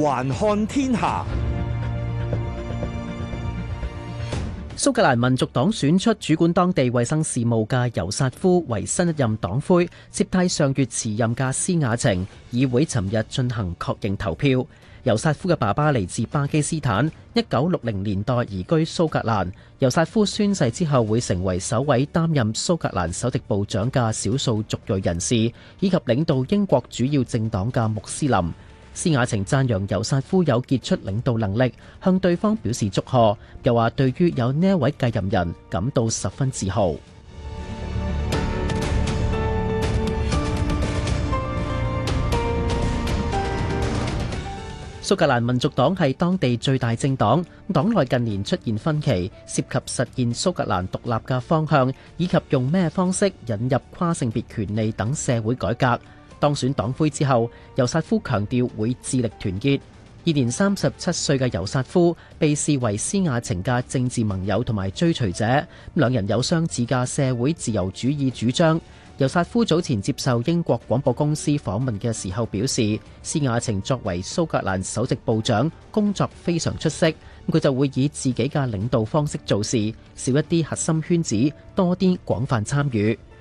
環看天下，蘇格蘭民族黨選出主管當地衛生事務嘅尤薩夫為新一任黨魁，接替上月辭任嘅施雅晴。議會尋日進行確認投票。尤薩夫嘅爸爸嚟自巴基斯坦，一九六零年代移居蘇格蘭。尤薩夫宣誓之後會成為首位擔任蘇格蘭首席部長嘅少數族裔人士，以及領導英國主要政黨嘅穆斯林。施雅晴讚揚尤薩夫有傑出領導能力，向對方表示祝賀，又話對於有呢位繼任人感到十分自豪。蘇 格蘭民族黨係當地最大政黨，黨內近年出現分歧，涉及實現蘇格蘭獨立嘅方向，以及用咩方式引入跨性別權利等社會改革。當選黨魁之後，尤薩夫強調會致力團結。二年三十七歲嘅尤薩夫被視為施雅晴嘅政治盟友同埋追隨者，兩人有相似嘅社會自由主義主張。尤薩夫早前接受英國廣播公司訪問嘅時候表示，施雅晴作為蘇格蘭首席部長工作非常出色，佢就會以自己嘅領導方式做事，少一啲核心圈子，多啲廣泛參與。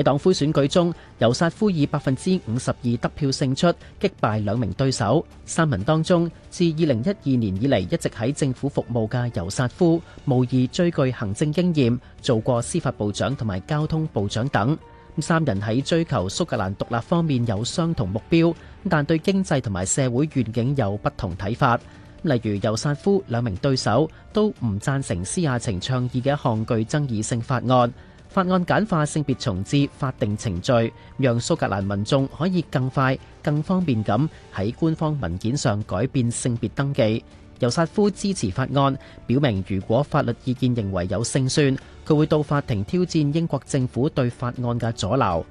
喺黨魁選舉中，尤薩夫以百分之五十二得票勝出，擊敗兩名對手。三人當中，自二零一二年以嚟一直喺政府服務嘅尤薩夫，無疑最具行政經驗，做過司法部長同埋交通部長等。咁三人喺追求蘇格蘭獨立方面有相同目標，但對經濟同埋社會願景有不同睇法。例如，尤薩夫兩名對手都唔贊成施雅晴倡議嘅一項具爭議性法案。法案簡化性別重置法定程序讓蘇格蘭民眾可以更快更方便咁喺官方文件上改變性別登記尤薩夫支持法案表明如果法律意見認為有勝算佢會到法庭挑戰英國政府對法案嘅阻撓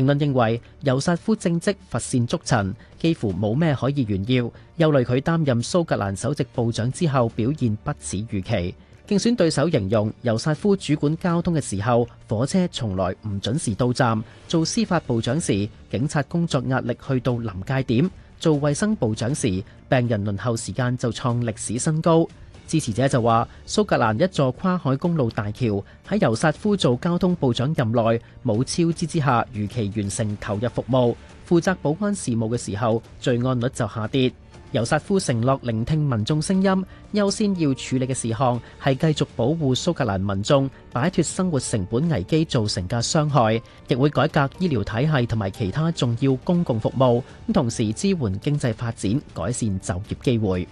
評論認為，尤薩夫政績乏善足陳，幾乎冇咩可以炫耀。憂慮佢擔任蘇格蘭首席部長之後表現不似預期。競選對手形容尤薩夫主管交通嘅時候，火車從來唔準時到站；做司法部長時，警察工作壓力去到臨界點；做衛生部長時，病人輪候時間就創歷史新高。支持者就話：蘇格蘭一座跨海公路大橋喺尤薩夫做交通部長任內冇超支之下，如期完成投入服務。負責保安事務嘅時候，罪案率就下跌。尤薩夫承諾聆聽民眾聲音，優先要處理嘅事項係繼續保護蘇格蘭民眾，擺脫生活成本危機造成嘅傷害，亦會改革醫療體系同埋其他重要公共服務，同時支援經濟發展，改善就業機會。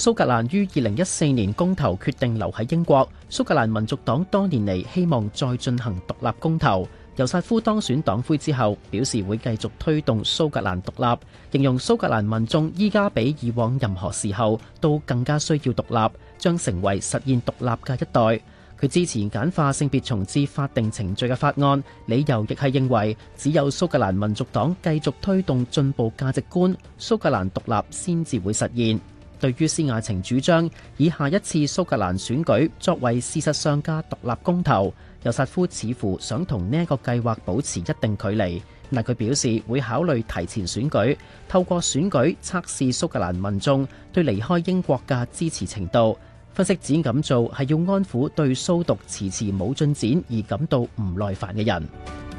蘇格蘭於二零一四年公投決定留喺英國，蘇格蘭民族黨多年嚟希望再進行獨立公投。尤薩夫當選黨魁之後，表示會繼續推動蘇格蘭獨立，形容蘇格蘭民眾依家比以往任何時候都更加需要獨立，將成為實現獨立嘅一代。佢之前簡化性別重置法定程序嘅法案，理由亦係認為只有蘇格蘭民族黨繼續推動進步價值觀，蘇格蘭獨立先至會實現。對於施雅晴主張以下一次蘇格蘭選舉作為事實上加獨立公投，尤薩夫似乎想同呢一個計劃保持一定距離。但佢表示會考慮提前選舉，透過選舉測試蘇格蘭民眾對離開英國嘅支持程度，分析指咁做係要安撫對蘇獨遲遲冇進展而感到唔耐煩嘅人。